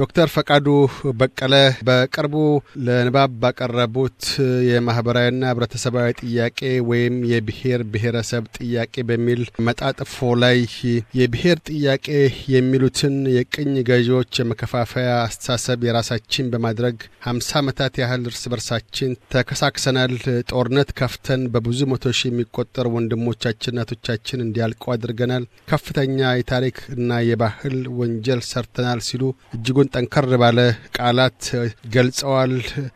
ዶክተር ፈቃዱ በቀለ በቅርቡ ለንባብ ባቀረቡት የማህበራዊና ህብረተሰባዊ ጥያቄ ወይም የብሔር ብሔረሰብ ጥያቄ በሚል መጣጥፎ ላይ የብሔር ጥያቄ የሚሉትን የቅኝ ገዢዎች የመከፋፈያ አስተሳሰብ የራሳችን በማድረግ ሀምሳ ዓመታት ያህል እርስ በርሳችን ተከሳክሰናል። ጦርነት ከፍተን በብዙ መቶ ሺህ የሚቆጠሩ ወንድሞቻችን እናቶቻችን እንዲያልቁ አድርገናል። ከፍተኛ የታሪክ እና የባህል ወንጀል ሰርተናል ሲሉ እጅጉን ጠንከር ባለ ቃላት ገልጸዋል።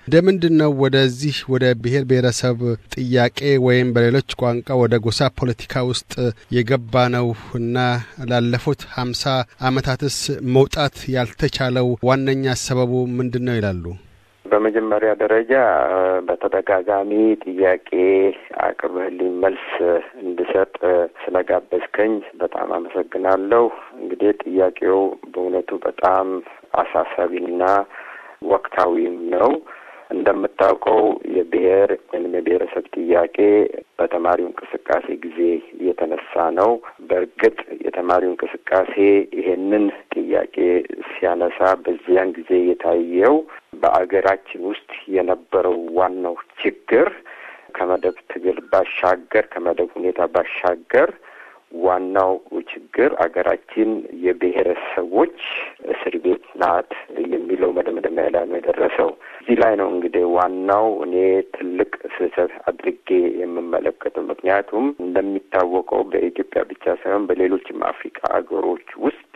እንደምንድን ነው ወደዚህ ወደ ብሔር ብሔረሰብ ጥያቄ ወይም በሌሎች ቋንቋ ወደ ጎሳ ፖለቲካ ውስጥ የገባ ነው እና ላለፉት ሀምሳ አመታትስ መውጣት ያልተቻለው ዋነኛ ሰበቡ ምንድን ነው ይላሉ? በመጀመሪያ ደረጃ በተደጋጋሚ ጥያቄ አቅርበህልኝ መልስ እንድሰጥ ስለጋበዝከኝ በጣም አመሰግናለሁ። እንግዲህ ጥያቄው በእውነቱ በጣም አሳሳቢና ወቅታዊም ነው። እንደምታውቀው የብሔር ወይም የብሔረሰብ ጥያቄ በተማሪው እንቅስቃሴ ጊዜ እየተነሳ ነው። በእርግጥ የተማሪው እንቅስቃሴ ይሄንን ጥያቄ ሲያነሳ በዚያን ጊዜ የታየው በአገራችን ውስጥ የነበረው ዋናው ችግር ከመደብ ትግል ባሻገር ከመደብ ሁኔታ ባሻገር ዋናው ችግር አገራችን የብሔረሰቦች እስር ቤት ናት የሚለው መደምደሚያ ላይ ነው የደረሰው። እዚህ ላይ ነው እንግዲህ ዋናው እኔ ትልቅ ስህተት አድርጌ የምመለከተው። ምክንያቱም እንደሚታወቀው በኢትዮጵያ ብቻ ሳይሆን በሌሎችም አፍሪካ ሀገሮች ውስጥ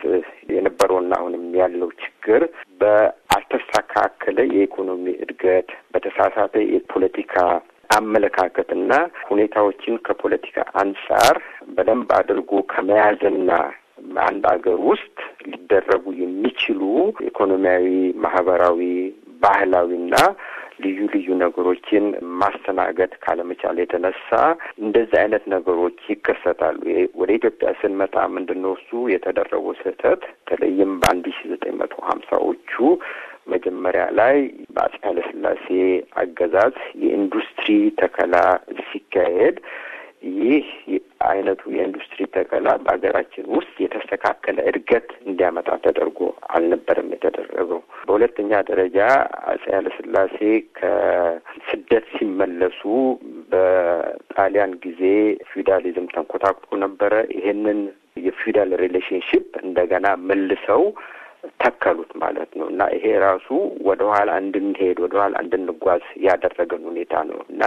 የነበረውና አሁንም ያለው ችግር በአልተስተካከለ የኢኮኖሚ እድገት፣ በተሳሳተ የፖለቲካ አመለካከትና ሁኔታዎችን ከፖለቲካ አንጻር በደንብ አድርጎ ከመያዝና በአንድ አገር ውስጥ ሊደረጉ የሚችሉ ኢኮኖሚያዊ፣ ማህበራዊ፣ ባህላዊና ልዩ ልዩ ነገሮችን ማስተናገድ ካለመቻል የተነሳ እንደዚህ አይነት ነገሮች ይከሰታሉ። ወደ ኢትዮጵያ ስንመጣ ምንድነው እሱ የተደረገው ስህተት በተለይም በአንድ ሺ ዘጠኝ መቶ ሀምሳዎቹ መጀመሪያ ላይ በአፄ ኃይለስላሴ አገዛዝ የኢንዱስትሪ ተከላ ሲካሄድ ይህ አይነቱ የኢንዱስትሪ ተከላ በሀገራችን ውስጥ የተስተካከለ እድገት እንዲያመጣ ተደርጎ አልነበረም የተደረገው። በሁለተኛ ደረጃ አፄ ኃይለስላሴ ከስደት ሲመለሱ በጣሊያን ጊዜ ፊውዳሊዝም ተንኮታኩቶ ነበረ። ይሄንን የፊውዳል ሪሌሽንሽፕ እንደገና መልሰው ተከሉት ማለት ነው እና ይሄ ራሱ ወደኋላ እንድንሄድ ወደኋላ እንድንጓዝ ያደረገን ሁኔታ ነው እና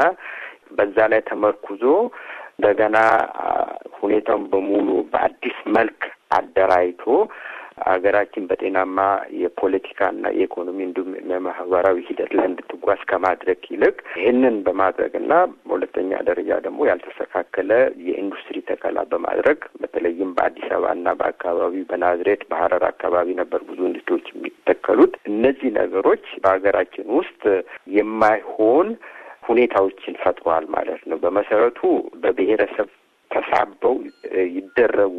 በዛ ላይ ተመርኩዞ እንደገና ሁኔታውን በሙሉ በአዲስ መልክ አደራጅቶ ሀገራችን በጤናማ የፖለቲካና የኢኮኖሚ እንዲሁም የማህበራዊ ሂደት ላይ እንድትጓዝ ከማድረግ ይልቅ ይህንን በማድረግና በሁለተኛ ደረጃ ደግሞ ያልተስተካከለ የኢንዱስትሪ ተከላ በማድረግ በተለይም በአዲስ አበባና በአካባቢ በናዝሬት በሀረር አካባቢ ነበር ብዙ ንግዶች የሚተከሉት። እነዚህ ነገሮች በሀገራችን ውስጥ የማይሆን ሁኔታዎችን ፈጥሯል ማለት ነው። በመሰረቱ በብሔረሰብ ተሳበው ይደረጉ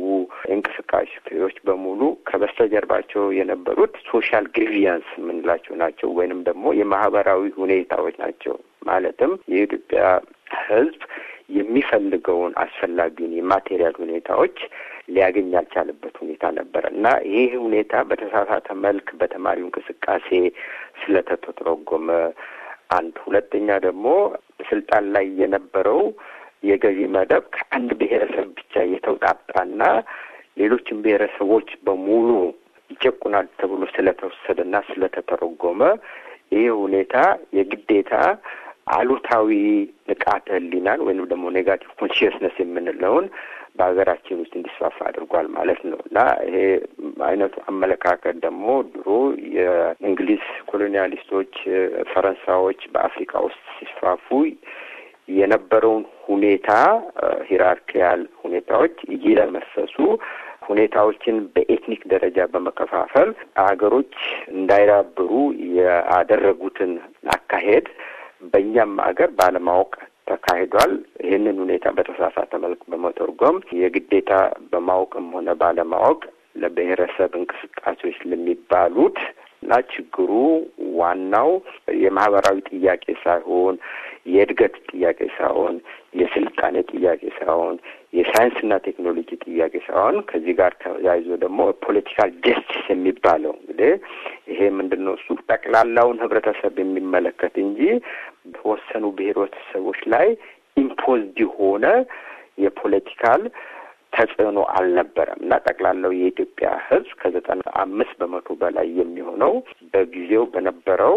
እንቅስቃሴዎች በሙሉ ከበስተጀርባቸው የነበሩት ሶሻል ግሪቪያንስ የምንላቸው ናቸው፣ ወይንም ደግሞ የማህበራዊ ሁኔታዎች ናቸው። ማለትም የኢትዮጵያ ሕዝብ የሚፈልገውን አስፈላጊውን የማቴሪያል ሁኔታዎች ሊያገኝ ያልቻለበት ሁኔታ ነበረ እና ይህ ሁኔታ በተሳሳተ መልክ በተማሪው እንቅስቃሴ ስለተተረጎመ አንድ፣ ሁለተኛ ደግሞ ስልጣን ላይ የነበረው የገቢ መደብ ከአንድ ብሔረሰብ ብቻ የተውጣጣና ሌሎችን ብሔረሰቦች በሙሉ ይጨቁናል ተብሎ ስለተወሰደና ስለተተረጎመ ይህ ሁኔታ የግዴታ አሉታዊ ንቃተ ህሊናን ወይም ደግሞ ኔጋቲቭ ኮንሽየስነስ የምንለውን በሀገራችን ውስጥ እንዲስፋፋ አድርጓል ማለት ነው እና ይሄ አይነቱ አመለካከት ደግሞ ድሮ የእንግሊዝ ኮሎኒያሊስቶች፣ ፈረንሳዮች በአፍሪካ ውስጥ ሲስፋፉ የነበረውን ሁኔታ ሂራርኪያል ሁኔታዎች እየለመሰሱ ሁኔታዎችን በኤትኒክ ደረጃ በመከፋፈል አገሮች እንዳይዳብሩ ያደረጉትን አካሄድ በእኛም ሀገር ባለማወቅ ተካሂዷል። ይህንን ሁኔታ በተሳሳተ መልክ በመተርጎም የግዴታ በማወቅም ሆነ ባለማወቅ ለብሔረሰብ እንቅስቃሴዎች ለሚባሉት እና ችግሩ ዋናው የማህበራዊ ጥያቄ ሳይሆን የእድገት ጥያቄ ሳይሆን የስልጣኔ ጥያቄ ሳይሆን የሳይንስና ቴክኖሎጂ ጥያቄ ሳይሆን ከዚህ ጋር ተያይዞ ደግሞ ፖለቲካል ጀስቲስ የሚባለው እንግዲህ ይሄ ምንድን ነው? እሱ ጠቅላላውን ህብረተሰብ የሚመለከት እንጂ በተወሰኑ ብሔረሰቦች ላይ ኢምፖዝድ የሆነ የፖለቲካል ተጽዕኖ አልነበረም እና ጠቅላላው የኢትዮጵያ ሕዝብ ከዘጠና አምስት በመቶ በላይ የሚሆነው በጊዜው በነበረው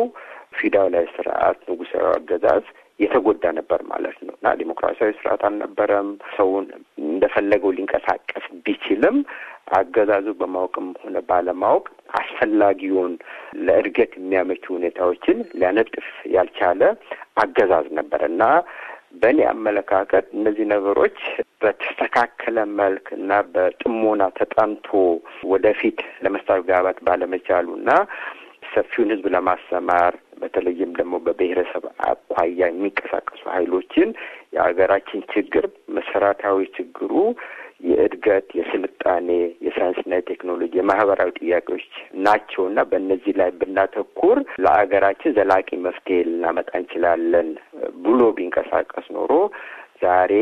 ፊውዳላዊ ስርዓት ንጉሳዊ አገዛዝ የተጎዳ ነበር ማለት ነው እና ዲሞክራሲያዊ ስርዓት አልነበረም። ሰውን እንደፈለገው ሊንቀሳቀስ ቢችልም አገዛዙ በማወቅም ሆነ ባለማወቅ አስፈላጊውን ለእድገት የሚያመቹ ሁኔታዎችን ሊያነጥፍ ያልቻለ አገዛዝ ነበር እና በእኔ አመለካከት እነዚህ ነገሮች በተስተካከለ መልክ እና በጥሞና ተጠንቶ ወደፊት ለመስተጋባት ባለመቻሉ እና ሰፊውን ህዝብ ለማሰማር በተለይም ደግሞ በብሔረሰብ አኳያ የሚንቀሳቀሱ ኃይሎችን የሀገራችን ችግር መሰረታዊ ችግሩ የእድገት የስልጣ የምጣኔ የሳይንስና የቴክኖሎጂ የማህበራዊ ጥያቄዎች ናቸው እና በእነዚህ ላይ ብናተኩር ለአገራችን ዘላቂ መፍትሄ ልናመጣ እንችላለን ብሎ ቢንቀሳቀስ ኖሮ ዛሬ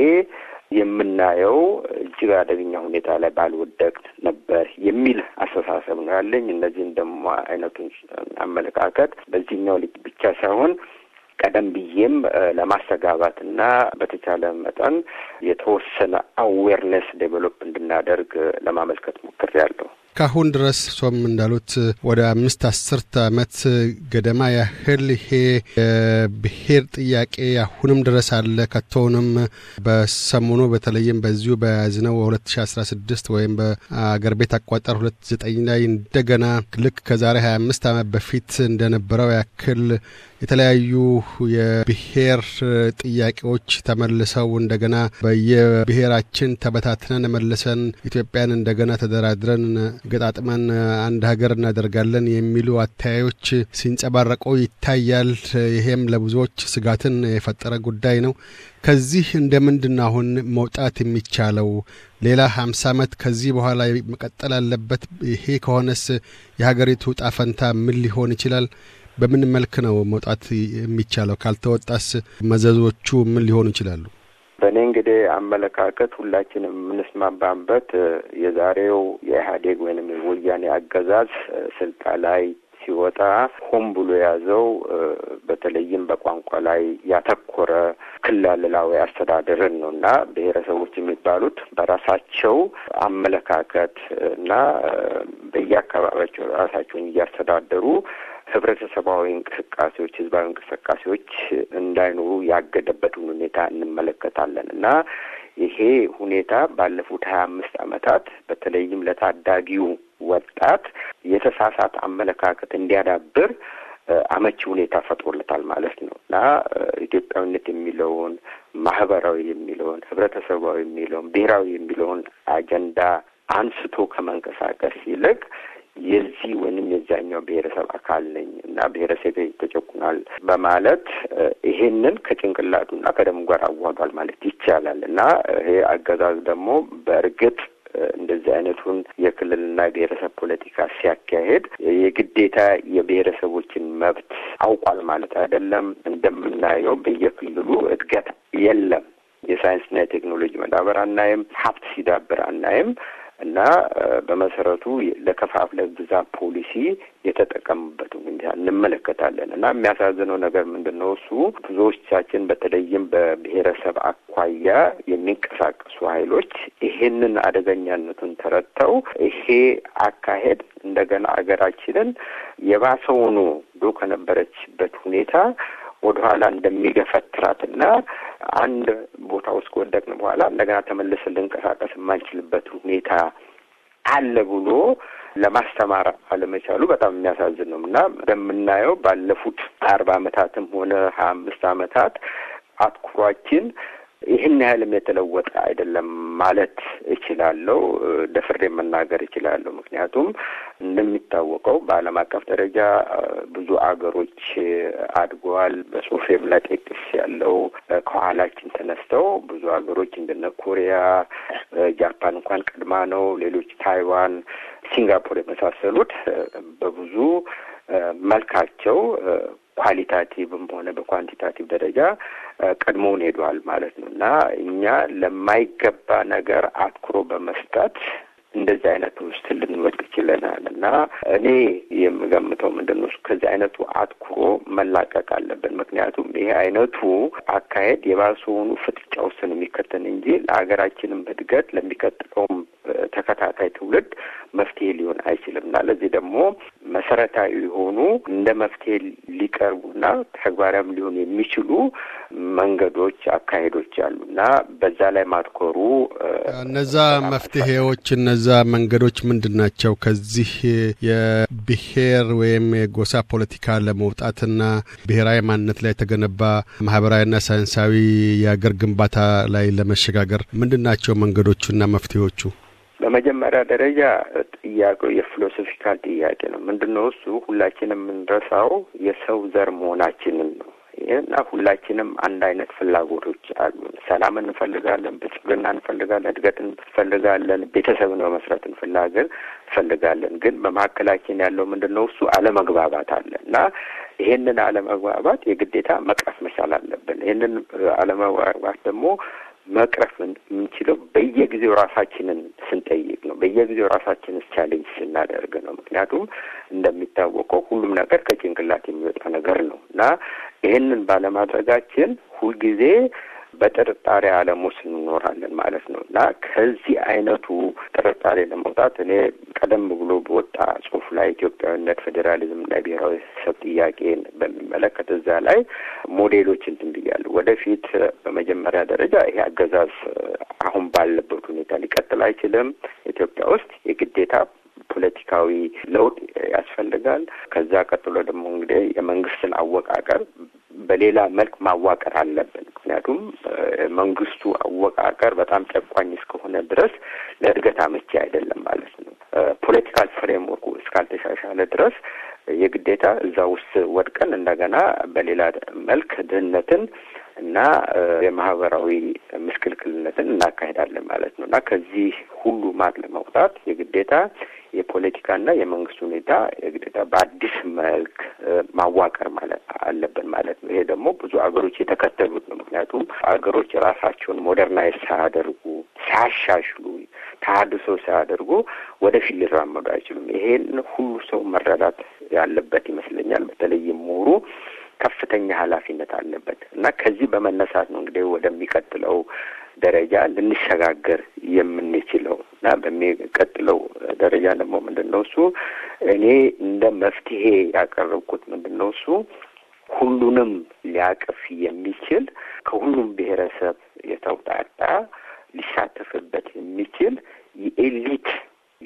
የምናየው እጅግ አደገኛ ሁኔታ ላይ ባልወደቅ ነበር የሚል አስተሳሰብ ነው ያለኝ። እነዚህን ደግሞ አይነቱን አመለካከት በዚህኛው ልጅ ብቻ ሳይሆን ቀደም ብዬም ለማስተጋባትና በተቻለ መጠን የተወሰነ አዌርነስ ዴቨሎፕ እንድናደርግ ለማመልከት ሞክሬያለሁ። ካሁን ድረስ ሶም እንዳሉት ወደ አምስት አስርት ዓመት ገደማ ያህል ይሄ የብሔር ጥያቄ አሁንም ድረስ አለ። ከቶውንም በሰሞኑ በተለይም በዚሁ በያዝነው 2016 ወይም በአገር ቤት አቋጠር 29 ላይ እንደገና ልክ ከዛሬ 25 ዓመት በፊት እንደነበረው ያክል የተለያዩ የብሔር ጥያቄዎች ተመልሰው እንደገና በየብሔራችን ተበታትነን መልሰን ኢትዮጵያን እንደገና ተደራድረን ገጣጥመን አንድ ሀገር እናደርጋለን የሚሉ አተያዮች ሲንጸባረቁ ይታያል። ይሄም ለብዙዎች ስጋትን የፈጠረ ጉዳይ ነው። ከዚህ እንደምንድን አሁን መውጣት የሚቻለው? ሌላ ሀምሳ ዓመት ከዚህ በኋላ መቀጠል አለበት? ይሄ ከሆነስ የሀገሪቱ ጣፈንታ ምን ሊሆን ይችላል? በምን መልክ ነው መውጣት የሚቻለው? ካልተወጣስ መዘዞቹ ምን ሊሆኑ ይችላሉ? በእኔ እንግዲህ አመለካከት ሁላችንም የምንስማማበት የዛሬው የኢህአዴግ ወይንም ወያኔ አገዛዝ ስልጣን ላይ ሲወጣ ሆን ብሎ የያዘው በተለይም በቋንቋ ላይ ያተኮረ ክልላዊ አስተዳደርን ነው እና ብሔረሰቦች የሚባሉት በራሳቸው አመለካከት እና በየአካባቢያቸው ራሳቸውን እያስተዳደሩ ህብረተሰባዊ እንቅስቃሴዎች፣ ህዝባዊ እንቅስቃሴዎች እንዳይኖሩ ያገደበትን ሁኔታ እንመለከታለን እና ይሄ ሁኔታ ባለፉት ሀያ አምስት ዓመታት በተለይም ለታዳጊው ወጣት የተሳሳተ አመለካከት እንዲያዳብር አመቺ ሁኔታ ፈጥሮለታል ማለት ነው እና ኢትዮጵያዊነት የሚለውን ማህበራዊ የሚለውን ህብረተሰባዊ የሚለውን ብሔራዊ የሚለውን አጀንዳ አንስቶ ከመንቀሳቀስ ይልቅ የዚህ ወይንም የዛኛው ብሔረሰብ አካል ነኝ እና ብሔረሰቤ ተጨቁናል በማለት ይሄንን ከጭንቅላቱና ከደሙ ጋር አዋዷል ማለት ይቻላል እና ይሄ አገዛዝ ደግሞ በእርግጥ እንደዚህ አይነቱን የክልልና የብሔረሰብ ፖለቲካ ሲያካሄድ የግዴታ የብሔረሰቦችን መብት አውቋል ማለት አይደለም። እንደምናየው በየክልሉ እድገት የለም። የሳይንስና የቴክኖሎጂ መዳበር አናይም። ሀብት ሲዳብር አናይም። እና በመሰረቱ ለከፋፍለ ግዛ ፖሊሲ የተጠቀሙበት እንመለከታለን። እና የሚያሳዝነው ነገር ምንድን ነው? እሱ ብዙዎቻችን በተለይም በብሔረሰብ አኳያ የሚንቀሳቀሱ ኃይሎች ይሄንን አደገኛነቱን ተረድተው ይሄ አካሄድ እንደገና አገራችንን የባሰውኑ ዶ ከነበረችበት ሁኔታ ወደኋላ እንደሚገፈትራትና አንድ ቦታ ውስጥ ከወደቅን በኋላ እንደገና ተመልሰን ልንቀሳቀስ የማንችልበት ሁኔታ አለ ብሎ ለማስተማር አለመቻሉ በጣም የሚያሳዝን ነው እና እንደምናየው ባለፉት አርባ አመታትም ሆነ ሀያ አምስት አመታት አትኩሯችን ይህን ያህልም የተለወጠ አይደለም ማለት እችላለሁ፣ ደፍሬ መናገር እችላለሁ። ምክንያቱም እንደሚታወቀው በዓለም አቀፍ ደረጃ ብዙ አገሮች አድገዋል። በጽሁፌም ላይ ጤቅስ ያለው ከኋላችን ተነስተው ብዙ አገሮች እንደነ ኮሪያ፣ ጃፓን እንኳን ቀድማ ነው። ሌሎች ታይዋን፣ ሲንጋፖር የመሳሰሉት በብዙ መልካቸው ኳሊታቲቭም ሆነ በኳንቲታቲቭ ደረጃ ቀድሞውን ሄዷል ማለት ነው እና እኛ ለማይገባ ነገር አትኩሮ በመስጠት እንደዚህ አይነት ውስጥ ልንወድቅ ችለናል እና እኔ የምገምተው ምንድን ነው ከዚህ አይነቱ አትኩሮ መላቀቅ አለብን። ምክንያቱም ይሄ አይነቱ አካሄድ የባሰውኑ ፍጥጫ ውስጥ የሚከተን እንጂ ለሀገራችንም እድገት ለሚቀጥለውም ተከታታይ ትውልድ መፍትሄ ሊሆን አይችልም እና ለዚህ ደግሞ መሰረታዊ የሆኑ እንደ መፍትሄ ሊቀርቡና ተግባራዊም ሊሆን የሚችሉ መንገዶች፣ አካሄዶች አሉ እና በዛ ላይ ማትኮሩ እነዛ መፍትሄዎች እነዛ መንገዶች ምንድን ናቸው? ከዚህ የብሔር ወይም የጎሳ ፖለቲካ ለመውጣትና ብሔራዊ ማንነት ላይ የተገነባ ማህበራዊና ሳይንሳዊ የአገር ግንባታ ላይ ለመሸጋገር ምንድን ናቸው መንገዶቹና መፍትሄዎቹ? በመጀመሪያ ደረጃ ጥያቄው የፊሎሶፊካል ጥያቄ ነው። ምንድን ነው እሱ? ሁላችንም የምንረሳው የሰው ዘር መሆናችንን ነው። ይህና ሁላችንም አንድ አይነት ፍላጎቶች አሉ። ሰላም እንፈልጋለን፣ ብልጽግና እንፈልጋለን፣ እድገት እንፈልጋለን፣ ነው መስረት እንፍላገር እንፈልጋለን። ግን በመካከላችን ያለው ምንድን ነው? እሱ አለመግባባት አለ እና ይህንን አለመግባባት የግዴታ መቅረፍ መቻል አለብን። ይህንን አለመግባባት ደግሞ መቅረፍ የምንችለው በየጊዜው ራሳችንን ስንጠይቅ ነው። በየጊዜው ራሳችንን ቻሌንጅ ስናደርግ ነው። ምክንያቱም እንደሚታወቀው ሁሉም ነገር ከጭንቅላት የሚወጣ ነገር ነው እና ይህንን ባለማድረጋችን ሁልጊዜ በጥርጣሬ ዓለም ውስጥ እንኖራለን ማለት ነው እና ከዚህ አይነቱ ጥርጣሬ ለመውጣት እኔ ቀደም ብሎ በወጣ ጽሁፍ ላይ ኢትዮጵያዊነት፣ ፌዴራሊዝም እና ብሔራዊ ሰብ ጥያቄን በሚመለከት እዛ ላይ ሞዴሎች እንትን ብያለሁ። ወደፊት በመጀመሪያ ደረጃ ይሄ አገዛዝ አሁን ባለበት ሁኔታ ሊቀጥል አይችልም። ኢትዮጵያ ውስጥ የግዴታ ፖለቲካዊ ለውጥ ያስፈልጋል። ከዛ ቀጥሎ ደግሞ እንግዲህ የመንግስትን አወቃቀር በሌላ መልክ ማዋቀር አለብን። ምክንያቱም መንግስቱ አወቃቀር በጣም ጨቋኝ እስከሆነ ድረስ ለእድገት አመቺ አይደለም ማለት ነው። ፖለቲካል ፍሬምወርኩ እስካልተሻሻለ ድረስ የግዴታ እዛ ውስጥ ወድቀን እንደገና በሌላ መልክ ድህነትን እና የማህበራዊ ምስክልክልነትን እናካሄዳለን ማለት ነው እና ከዚህ ሁሉ ማቅ ለመውጣት የግዴታ የፖለቲካና የመንግስት ሁኔታ ግዴታ በአዲስ መልክ ማዋቀር ማለት አለብን ማለት ነው። ይሄ ደግሞ ብዙ ሀገሮች የተከተሉት ነው። ምክንያቱም ሀገሮች ራሳቸውን ሞደርናይዝ ሳያደርጉ ሳያሻሽሉ ተሀድሶ ሳያደርጉ ወደፊት ሊራመዱ አይችሉም። ይሄን ሁሉ ሰው መረዳት ያለበት ይመስለኛል። በተለይም ምሁሩ ከፍተኛ ኃላፊነት አለበት እና ከዚህ በመነሳት ነው እንግዲህ ወደሚቀጥለው ደረጃ ልንሸጋገር የምንችለው እና በሚቀጥለው ደረጃ ደግሞ ምንድን ነው እሱ እኔ እንደ መፍትሄ ያቀረብኩት ምንድን ነው እሱ ሁሉንም ሊያቅፍ የሚችል ከሁሉም ብሔረሰብ የተውጣጣ ሊሳተፍበት የሚችል የኤሊት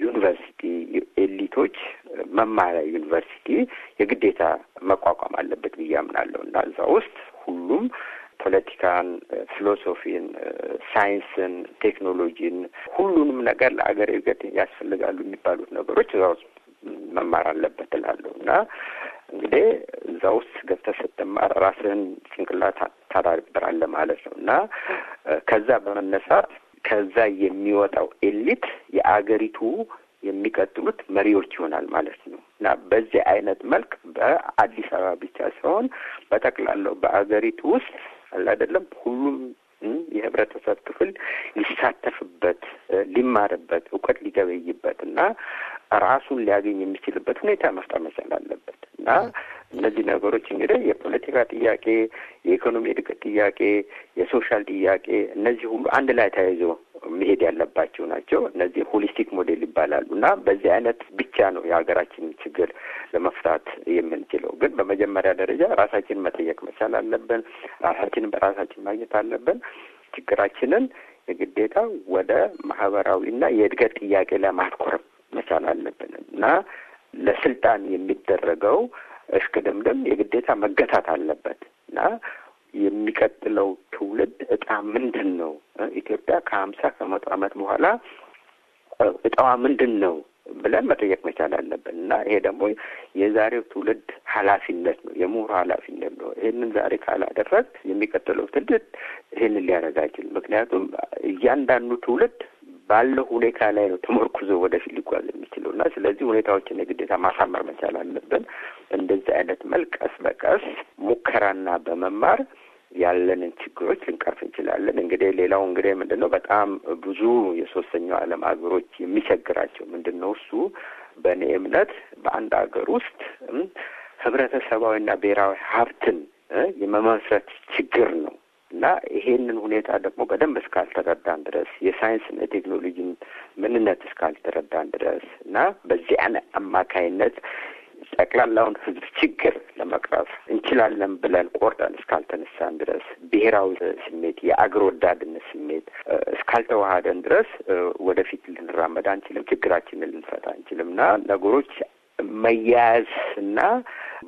ዩኒቨርሲቲ ኤሊቶች መማሪያ ዩኒቨርሲቲ የግዴታ መቋቋም አለበት ብዬ አምናለሁ እና እዛ ውስጥ ሁሉም ፖለቲካን፣ ፊሎሶፊን፣ ሳይንስን፣ ቴክኖሎጂን ሁሉንም ነገር ለአገር እድገት ያስፈልጋሉ የሚባሉት ነገሮች እዛ ውስጥ መማር አለበት እላለሁ እና እንግዲህ እዛ ውስጥ ገብተህ ስትማር ራስህን ጭንቅላት ታዳብራለህ ማለት ነው እና ከዛ በመነሳት ከዛ የሚወጣው ኤሊት የአገሪቱ የሚቀጥሉት መሪዎች ይሆናል ማለት ነው እና በዚህ አይነት መልክ በአዲስ አበባ ብቻ ሳይሆን በጠቅላላው በአገሪቱ ውስጥ ቀላል አይደለም። ሁሉም የህብረተሰብ ክፍል ሊሳተፍበት፣ ሊማርበት፣ እውቀት ሊገበይበት እና ራሱን ሊያገኝ የሚችልበት ሁኔታ መፍጠር መቻል አለበት እና እነዚህ ነገሮች እንግዲህ የፖለቲካ ጥያቄ፣ የኢኮኖሚ እድገት ጥያቄ፣ የሶሻል ጥያቄ እነዚህ ሁሉ አንድ ላይ ተያይዞ መሄድ ያለባቸው ናቸው። እነዚህ ሆሊስቲክ ሞዴል ይባላሉ እና በዚህ አይነት ብቻ ነው የሀገራችንን ችግር ለመፍታት የምንችለው። ግን በመጀመሪያ ደረጃ ራሳችን መጠየቅ መቻል አለብን። ራሳችንን በራሳችን ማግኘት አለብን። ችግራችንን የግዴታ ወደ ማህበራዊና የእድገት ጥያቄ ላይ ማትኮር መቻል አለብን እና ለስልጣን የሚደረገው እሽቅድምድም የግዴታ መገታት አለበት እና የሚቀጥለው ትውልድ እጣ ምንድን ነው? ኢትዮጵያ ከሀምሳ ከመቶ ዓመት በኋላ እጣዋ ምንድን ነው ብለን መጠየቅ መቻል አለብን እና ይሄ ደግሞ የዛሬው ትውልድ ኃላፊነት ነው፣ የምሁሩ ኃላፊነት ነው። ይህንን ዛሬ ካላደረግ የሚቀጥለው ትውልድ ይህንን ሊያደርግ አይችልም። ምክንያቱም እያንዳንዱ ትውልድ ባለው ሁኔታ ላይ ነው ተመርኩዞ ወደፊት ሊጓዝ የሚችለው እና ስለዚህ ሁኔታዎችን የግዴታ ማሳመር መቻል አለብን። እንደዚህ አይነት መልክ ቀስ በቀስ ሙከራና በመማር ያለንን ችግሮች ልንቀርፍ እንችላለን። እንግዲህ ሌላው እንግዲህ ምንድን ነው በጣም ብዙ የሶስተኛው ዓለም ሀገሮች የሚቸግራቸው ምንድን ነው እሱ በእኔ እምነት በአንድ ሀገር ውስጥ ህብረተሰባዊና ብሔራዊ ሀብትን የመመስረት ችግር ነው እና ይሄንን ሁኔታ ደግሞ በደንብ እስካልተረዳን ድረስ የሳይንስና የቴክኖሎጂን ምንነት እስካልተረዳን ድረስ እና በዚያን አማካይነት ጠቅላላውን ህዝብ ችግር ለመቅረፍ እንችላለን ብለን ቆርጠን እስካልተነሳን ድረስ ብሔራዊ ስሜት፣ የአገር ወዳድነት ስሜት እስካልተዋሃደን ድረስ ወደፊት ልንራመድ አንችልም፣ ችግራችንን ልንፈታ አንችልም እና ነገሮች መያያዝ እና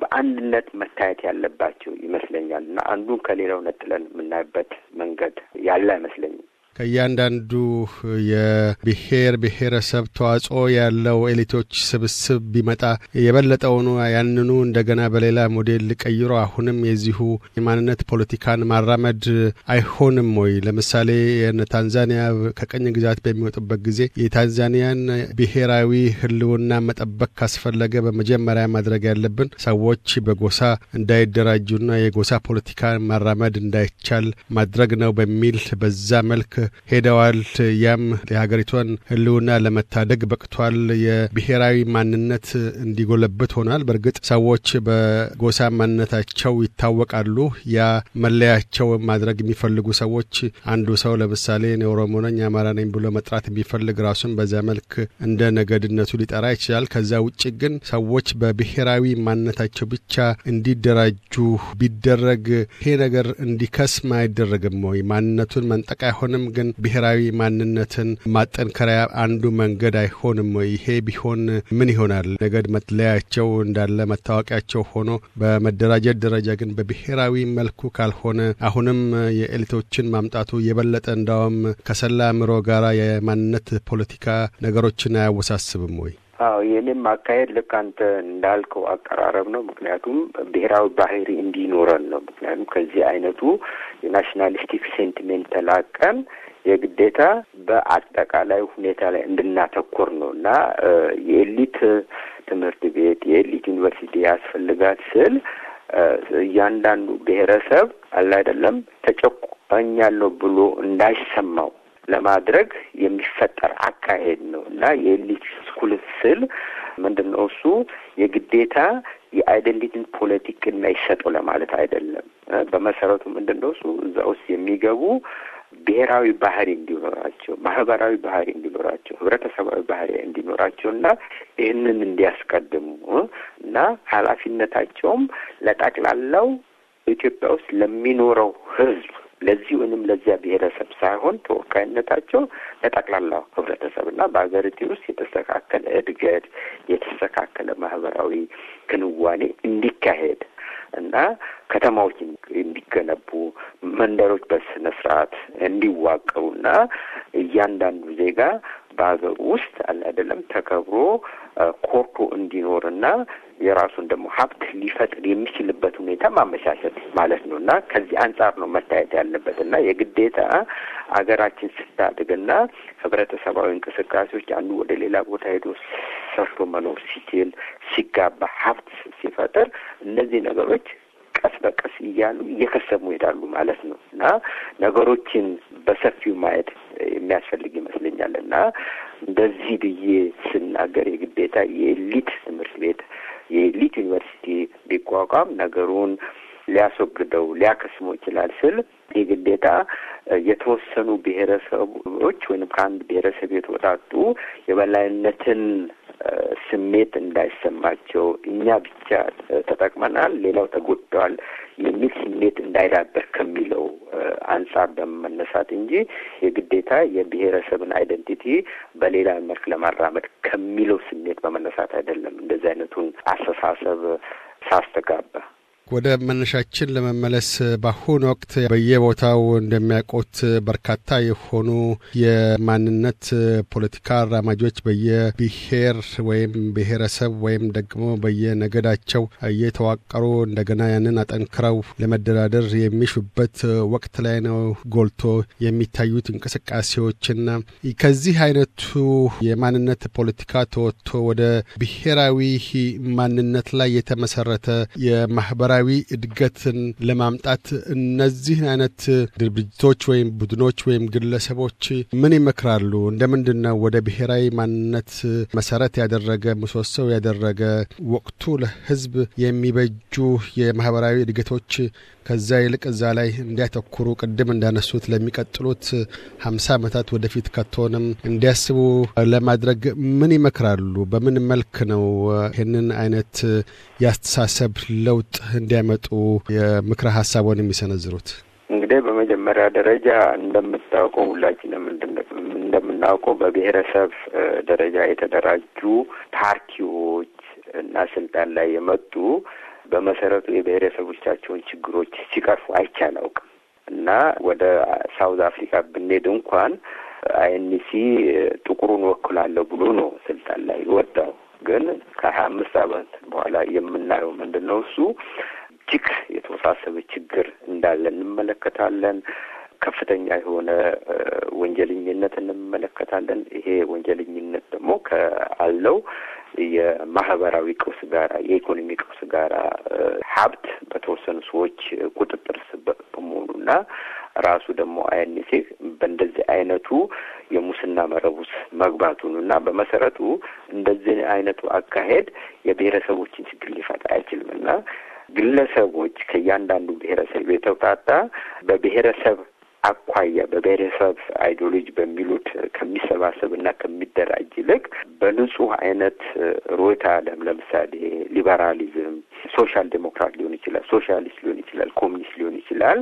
በአንድነት መታየት ያለባቸው ይመስለኛል እና አንዱን ከሌላው ነጥለን የምናይበት መንገድ ያለ አይመስለኝም። ከእያንዳንዱ የብሔር ብሔረሰብ ተዋጽኦ ያለው ኤሊቶች ስብስብ ቢመጣ የበለጠውኑ ያንኑ እንደገና በሌላ ሞዴል ቀይሮ አሁንም የዚሁ የማንነት ፖለቲካን ማራመድ አይሆንም ወይ? ለምሳሌ ታንዛኒያ ከቀኝ ግዛት በሚወጡበት ጊዜ የታንዛኒያን ብሔራዊ ሕልውና መጠበቅ ካስፈለገ በመጀመሪያ ማድረግ ያለብን ሰዎች በጎሳ እንዳይደራጁና የጎሳ ፖለቲካን ማራመድ እንዳይቻል ማድረግ ነው በሚል በዛ መልክ ሄደዋል። ያም የሀገሪቷን ሕልውና ለመታደግ በቅቷል። የብሔራዊ ማንነት እንዲጎለብት ሆኗል። በእርግጥ ሰዎች በጎሳ ማንነታቸው ይታወቃሉ። ያ መለያቸው ማድረግ የሚፈልጉ ሰዎች አንዱ ሰው ለምሳሌ እኔ ኦሮሞ ነኝ፣ አማራ ነኝ ብሎ መጥራት የሚፈልግ ራሱን በዛ መልክ እንደ ነገድነቱ ሊጠራ ይችላል። ከዛ ውጭ ግን ሰዎች በብሔራዊ ማንነታቸው ብቻ እንዲደራጁ ቢደረግ ይሄ ነገር እንዲከስም አይደረግም ወይ? ማንነቱን መንጠቅ አይሆንም? ግን ብሔራዊ ማንነትን ማጠንከሪያ አንዱ መንገድ አይሆንም? ይሄ ቢሆን ምን ይሆናል? ነገድ መለያቸው እንዳለ መታወቂያቸው ሆኖ በመደራጀት ደረጃ ግን በብሔራዊ መልኩ ካልሆነ አሁንም የኤሊቶችን ማምጣቱ የበለጠ እንዳውም ከሰላ ጋራ የማንነት ፖለቲካ ነገሮችን አያወሳስብም ወይ? አዎ የኔም አካሄድ ልክ አንተ እንዳልከው አቀራረብ ነው። ምክንያቱም ብሔራዊ ባህሪ እንዲኖረን ነው። ምክንያቱም ከዚህ አይነቱ የናሽናሊስቲክ ሴንቲሜንት ተላቀን የግዴታ በአጠቃላይ ሁኔታ ላይ እንድናተኮር ነው እና የኤሊት ትምህርት ቤት የኤሊት ዩኒቨርሲቲ ያስፈልጋል ስል እያንዳንዱ ብሔረሰብ አለ አይደለም ተጨቋኛለሁ ብሎ እንዳይሰማው ለማድረግ የሚፈጠር አካሄድ ነው እና የኤሊት ስል ምንድን ነው እሱ የግዴታ የአይደንቲቲን ፖለቲክና ይሰጡ ለማለት አይደለም። በመሰረቱ ምንድን ነው እሱ እዛ ውስጥ የሚገቡ ብሔራዊ ባህሪ እንዲኖራቸው፣ ማህበራዊ ባህሪ እንዲኖራቸው፣ ህብረተሰባዊ ባህሪ እንዲኖራቸው እና ይህንን እንዲያስቀድሙ እና ኃላፊነታቸውም ለጠቅላላው ኢትዮጵያ ውስጥ ለሚኖረው ህዝብ ለዚህ ወይንም ለዚያ ብሔረሰብ ሳይሆን ተወካይነታቸው ለጠቅላላው ህብረተሰብና በሀገሪቱ ውስጥ የተስተካከለ እድገት የተስተካከለ ማህበራዊ ክንዋኔ እንዲካሄድ እና ከተማዎች እንዲገነቡ መንደሮች በስነ ስርዓት እንዲዋቀሩና እያንዳንዱ ዜጋ በሀገር ውስጥ አለ አይደለም ተከብሮ ኮርቶ እንዲኖርና የራሱን ደግሞ ሀብት ሊፈጥር የሚችልበት ሁኔታ ማመቻቸት ማለት ነው እና ከዚህ አንጻር ነው መታየት ያለበት እና የግዴታ አገራችን ስታድግና ህብረተሰባዊ እንቅስቃሴዎች አንዱ ወደ ሌላ ቦታ ሄዶ ሰርቶ መኖር ሲችል ሲጋባ ሀብት ሲፈጥር እነዚህ ነገሮች ቀስ በቀስ እያሉ እየከሰሙ ይሄዳሉ ማለት ነው እና ነገሮችን በሰፊው ማየት የሚያስፈልግ ይመስለኛል እና እንደዚህ ብዬ ስናገር የግዴታ የኤሊት ትምህርት ቤት የኤሊት ዩኒቨርሲቲ ቢቋቋም ነገሩን ሊያስወግደው ሊያከስሞ ይችላል ስል የግዴታ የተወሰኑ ብሔረሰቦች ወይም ከአንድ ብሔረሰብ የተወጣጡ የበላይነትን ስሜት እንዳይሰማቸው እኛ ብቻ ተጠቅመናል፣ ሌላው ተጎድተዋል የሚል ስሜት እንዳይዳበር ከሚለው አንጻር በመነሳት እንጂ የግዴታ የብሔረሰብን አይደንቲቲ በሌላ መልክ ለማራመድ ከሚለው ስሜት በመነሳት አይደለም እንደዚህ አይነቱን አስተሳሰብ ሳስተጋባ ወደ መነሻችን ለመመለስ በአሁኑ ወቅት በየቦታው እንደሚያውቁት በርካታ የሆኑ የማንነት ፖለቲካ አራማጆች በየብሔር ወይም ብሔረሰብ ወይም ደግሞ በየነገዳቸው እየተዋቀሩ እንደገና ያንን አጠንክረው ለመደራደር የሚሹበት ወቅት ላይ ነው ጎልቶ የሚታዩት እንቅስቃሴዎችና ከዚህ አይነቱ የማንነት ፖለቲካ ተወጥቶ ወደ ብሔራዊ ማንነት ላይ የተመሰረተ የማህበራዊ ብሔራዊ እድገትን ለማምጣት እነዚህን አይነት ድርጅቶች ወይም ቡድኖች ወይም ግለሰቦች ምን ይመክራሉ? እንደምንድን ነው ወደ ብሔራዊ ማንነት መሰረት ያደረገ ምሰሶው ያደረገ ወቅቱ ለህዝብ የሚበጁ የማህበራዊ እድገቶች ከዛ ይልቅ እዛ ላይ እንዲያተኩሩ ቅድም እንዳነሱት ለሚቀጥሉት ሀምሳ ዓመታት ወደፊት ከቶንም እንዲያስቡ ለማድረግ ምን ይመክራሉ? በምን መልክ ነው ይህንን አይነት የአስተሳሰብ ለውጥ እንዲያመጡ የምክረ ሀሳቦን የሚሰነዝሩት? እንግዲህ በመጀመሪያ ደረጃ እንደምታውቀው ሁላችንም እንደምናውቀው በብሔረሰብ ደረጃ የተደራጁ ፓርቲዎች እና ስልጣን ላይ የመጡ በመሰረቱ የብሔረሰቦቻቸውን ችግሮች ሲቀርፉ አይቻላውቅም እና ወደ ሳውዝ አፍሪካ ብንሄድ እንኳን አይኒሲ ጥቁሩን ወክላለሁ ብሎ ነው ስልጣን ላይ ወጣው። ግን ከሀያ አምስት አመት በኋላ የምናየው ምንድን ነው እሱ እጅግ የተወሳሰበ ችግር እንዳለ እንመለከታለን። ከፍተኛ የሆነ ወንጀለኝነት እንመለከታለን። ይሄ ወንጀለኝነት ደግሞ ከአለው የማህበራዊ ቀውስ ጋራ የኢኮኖሚ ቀውስ ጋራ ሀብት በተወሰኑ ሰዎች ቁጥጥር ስር በመሆኑና ራሱ ደግሞ አይንሴ በእንደዚህ አይነቱ የሙስና መረብ ውስጥ መግባቱን እና በመሰረቱ እንደዚህ አይነቱ አካሄድ የብሔረሰቦችን ችግር ሊፈታ አይችልም እና ግለሰቦች ከእያንዳንዱ ብሔረሰብ የተውጣጣ በብሔረሰብ አኳያ በብሔረሰብ አይዲዮሎጂ በሚሉት ከሚሰባሰብ እና ከሚደራጅ ይልቅ በንጹህ አይነት ሮታ ዓለም ለምሳሌ ሊበራሊዝም፣ ሶሻል ዴሞክራት ሊሆን ይችላል፣ ሶሻሊስት ሊሆን ይችላል፣ ኮሚኒስት ሊሆን ይችላል።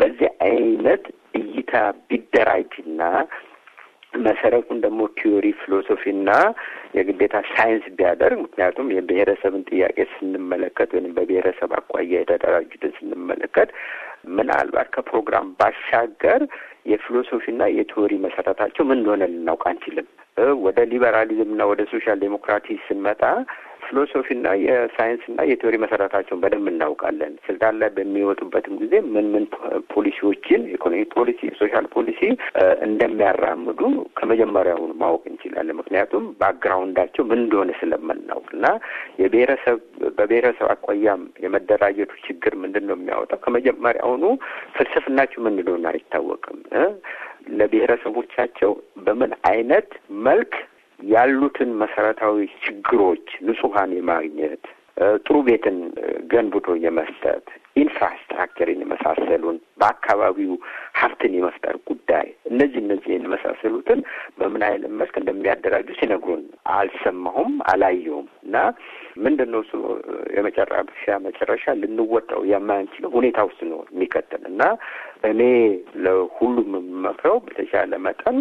በዚህ አይነት እይታ ቢደራጅና መሰረቱን ደግሞ ቲዮሪ ፊሎሶፊና የግዴታ ሳይንስ ቢያደርግ ምክንያቱም የብሔረሰብን ጥያቄ ስንመለከት ወይም በብሔረሰብ አኳያ የተደራጁትን ስንመለከት ምናልባት ከፕሮግራም ባሻገር የፊሎሶፊና የቲዎሪ መሰረታቸው ምን እንደሆነ ልናውቅ አንችልም። ወደ ሊበራሊዝምና ወደ ሶሻል ዴሞክራቲ ስንመጣ ፊሎሶፊና የሳይንስና የቴዎሪ መሰረታቸውን በደንብ እናውቃለን። ስልጣን ላይ በሚወጡበትም ጊዜ ምን ምን ፖሊሲዎችን ኢኮኖሚ ፖሊሲ፣ ሶሻል ፖሊሲ እንደሚያራምዱ ከመጀመሪያውን ማወቅ እንችላለን። ምክንያቱም ባክግራውንዳቸው ምን እንደሆነ ስለምናውቅ እና የብሔረሰብ በብሔረሰብ አኳያም የመደራጀቱ ችግር ምንድን ነው የሚያወጣው ከመጀመሪያውኑ ፍልስፍናቸው ምን እንደሆነ አይታወቅም። ለብሔረሰቦቻቸው በምን አይነት መልክ ያሉትን መሰረታዊ ችግሮች ንጹሀን የማግኘት ጥሩ ቤትን ገንብቶ የመስጠት ኢንፍራስትራክቸርን የመሳሰሉን በአካባቢው ሀብትን የመፍጠር ጉዳይ እነዚህ እነዚህ የመሳሰሉትን በምን አይነት መስክ እንደሚያደራጁ ሲነግሩን አልሰማሁም፣ አላየውም እና ምንድን ነው እሱ የመጨረሻ መጨረሻ ልንወጣው የማንችለው ሁኔታ ውስጥ ነው የሚከተል እና እኔ ለሁሉም የምመክረው በተቻለ መጠን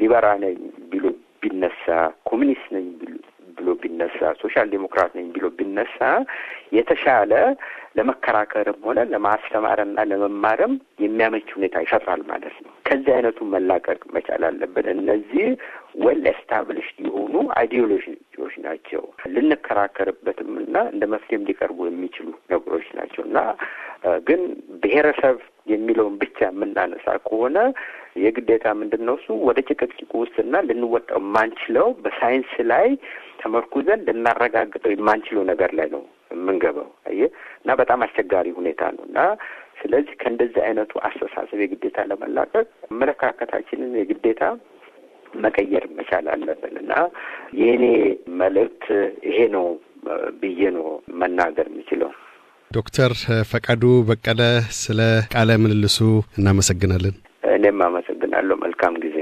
ሊበራ ነኝ ቢሉኝ ቢነሳ ኮሚኒስት ነኝ ብሎ ቢነሳ ሶሻል ዴሞክራት ነኝ ብሎ ቢነሳ የተሻለ ለመከራከርም ሆነ ለማስተማርና ለመማርም የሚያመች ሁኔታ ይፈጥራል ማለት ነው። ከዚህ አይነቱ መላቀቅ መቻል አለብን። እነዚህ ዌል ኤስታብሊሽድ የሆኑ አይዲዮሎጂዎች ናቸው። ልንከራከርበትም እና እንደ መፍትሄም ሊቀርቡ የሚችሉ ነገሮች ናቸው እና ግን ብሔረሰብ የሚለውን ብቻ የምናነሳ ከሆነ የግዴታ ምንድን ነው እሱ ወደ ጭቅጭቁ ውስጥና ልንወጣው የማንችለው በሳይንስ ላይ ተመርኩዘን ልናረጋግጠው የማንችለው ነገር ላይ ነው የምንገባው። አየህ እና በጣም አስቸጋሪ ሁኔታ ነው እና ስለዚህ ከእንደዚህ አይነቱ አስተሳሰብ የግዴታ ለመላቀቅ አመለካከታችንን የግዴታ መቀየር መቻል አለብን እና የእኔ መልእክት ይሄ ነው ብዬ ነው መናገር የምችለው። ዶክተር ፈቃዱ በቀለ ስለ ቃለ ምልልሱ እናመሰግናለን። እኔም አመሰግናለሁ። መልካም ጊዜ።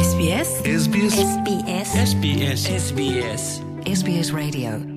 ኤስቢኤስ ኤስቢኤስ ኤስቢኤስ ኤስቢኤስ ኤስቢኤስ ሬዲዮ